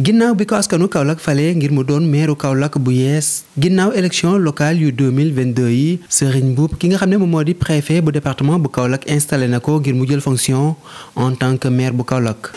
ginnaaw bi ko askanu Kaolack fale ngir mu doon meeru Kaolack bu yees ginnaaw élection locale yu 2022 yi Serigne Mboup ki nga xam ne moom moo di préfet bu département bu Kaolack installé na ko ngir mu jël fonction en tant que maire bu Kaolack.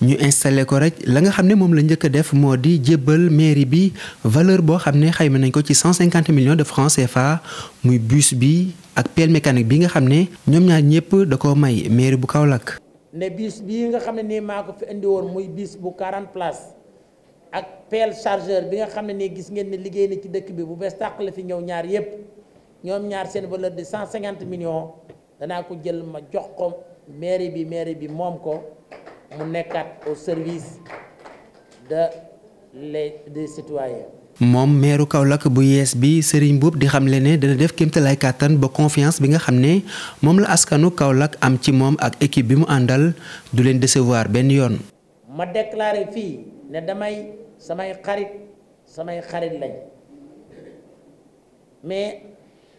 ñu installé ko rek la nga xam ne moom la njëkk a def moo di jébbal mairie bi valeur boo xam ne xayma nañ ko ci 150 millions de francs CFA muy bus bi ak pelle mécanique bi nga xam ne ñoom ñaar ñëpp da ko may mairie bu Kaolack. ne bus bi nga xam ne nii maa ko fi indi woon muy bus bu 40 places ak pelle chargeur bi nga xam ne ne gis ngeen ne liggéey na ci dëkk bi bu bees tàq la fi ñëw ñaar yëpp ñoom ñaar seen valeur de 150 millions danaa ko jël ma jox ko mairie bi mairie bi moom ko. mu nekkaat au service de les des citoyens. moom meeru Kaolack bu yees bi Serigne Mboup di xamle ne dana def kéemtalaay kàttan ba confiance bi nga xam ne moom la askanu Kaolack am ci moom ak équipe bi mu àndal du leen décevoir benn yoon. ma déclaré fii ne damay samay xarit samay xarit lañ mais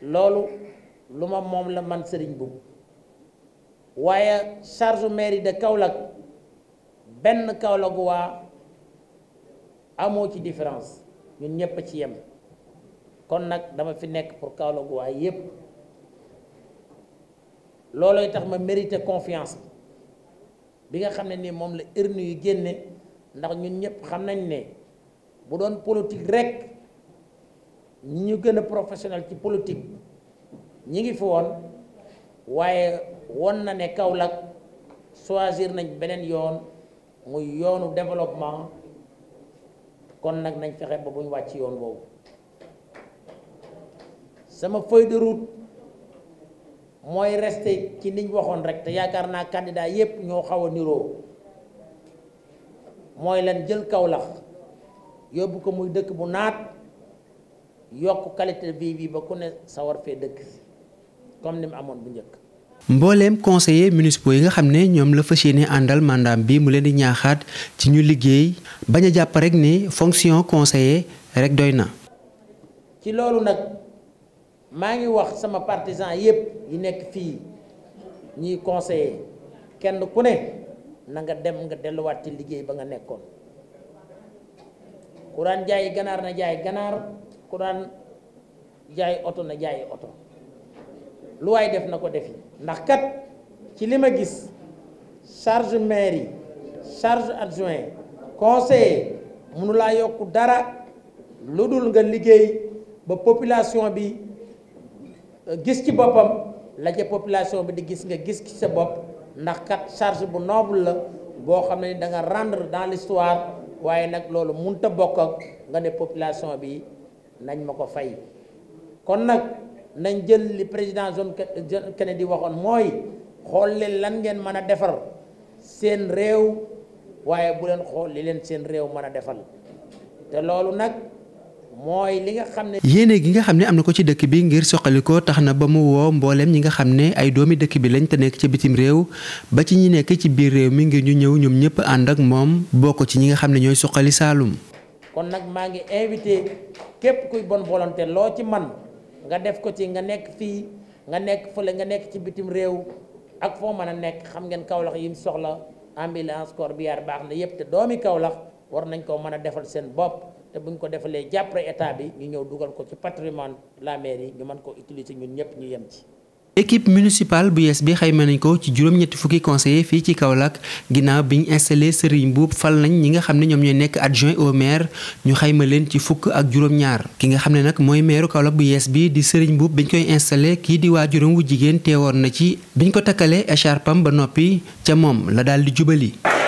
loolu lu ma moom la man sëriñ Mboup waaye charge mairie de Kaolack. benn Kaolack waa amoo ci différence ñun ñëpp a ci yem kon nag dama fi nekk pour Kaolack waa yépp loolooy tax ma mérité confiance bi nga xam ne nii moom la urne yu génne ndax ñun ñëpp xam nañ ne bu doon politique rek ñu gën a professionnel ci politique ñi ngi fi woon waaye won na ne Kaolack choisir nañ beneen yoon muy yoonu développement kon nag nañ fexe ba buñ ñu wàcc yoon boobu sama feuille de route mooy reste ci niñ waxoon rek te yaakaar naa candidat yépp ñoo xaw a niroo mooy lan jël kawlax yóbbu ko muy dëkk bu naat yokk qualité bii vie bi ba ku ne sawar fee dëkk comme ni mu amoon bu njëkk mbooleem conseillers municipaux yi nga xam ne ñoom la fas yéene àndal mandaam bi mu leen di ñaaxaat ci ñu liggéey bañ a jàpp rek ni fonction conseiller rek doy na. ci loolu nag maa ngi wax sama partisan yépp yi nekk fii ñuy conseiller kenn ku ne na nga dem nga delluwaat ci liggéey ba nga nekkoon ku daan jaay ganaar na jaay ganaar ku daan oto na jaay oto. lu waay def na ko defi ndax kat ci li ma gis charge maire yi charge adjoint conseiller mënu laa yokku dara lu dul nga liggéey ba population bi euh, gis ci boppam la ca population bi di gis nga gis ci sa bopp ndax kat charge bu noble la boo xam ne da nga rendre dans l'histoire waaye nag loolu mënut a bokk ak nga ne population bi nañ ma ko fay kon nag nañ jël li président John Kennedy waxoon mooy xool leen lan ngeen mën a defar seen réew waaye bu leen xool li leen seen réew mën a defal te loolu nag mooy li nga xam ne. yéene gi nga xam ne am na ko ci dëkk bi ngir soqali ko tax na ba mu woo mbooleem ñi nga xam ne ay doomi dëkk bi lañ te nekk ci bitim réew ba ci ñu nekk ci biir réew mi ngir ñu ñëw ñoom ñëpp ànd ak moom bokk ci ñi nga xam ne ñooy soqali Saalum. kon nag maa ngi invité képp kuy bonne volonté loo ci man nga def ko ci nga nekk fii nga nekk fële nga nekk ci bitim réew ak foo mën a nekk xam ngeen Kaolack yi mu soxla ambulance corbillard baax na yëpp te doomi Kaolack war nañ koo mën a defal seen bopp te bu ñu ko defalee jàppale état bi ñu ñëw dugal ko ci patrimoine la mairie ñu mën ko utiliser ñun ñëpp ñu yem ci équipe municipale bu yees bi xayma nañ ko ci juróom-ñetti fukki conseiller fii ci Kaolack ginnaaw bi ñu installé Serigne Mboup fal nañ ñi nga xam ne ñoom ñooy nekk adjoint au maire ñu xayma leen ci fukk ak juróom-ñaar ki nga xam ne nag mooy maire Kaolack bu yees bi di Serigne Mboup biñ koy installé kii di waajuram wu jigéen teewoon na ci biñ ko takkalee écharpam ba noppi ca moom la daal di jubali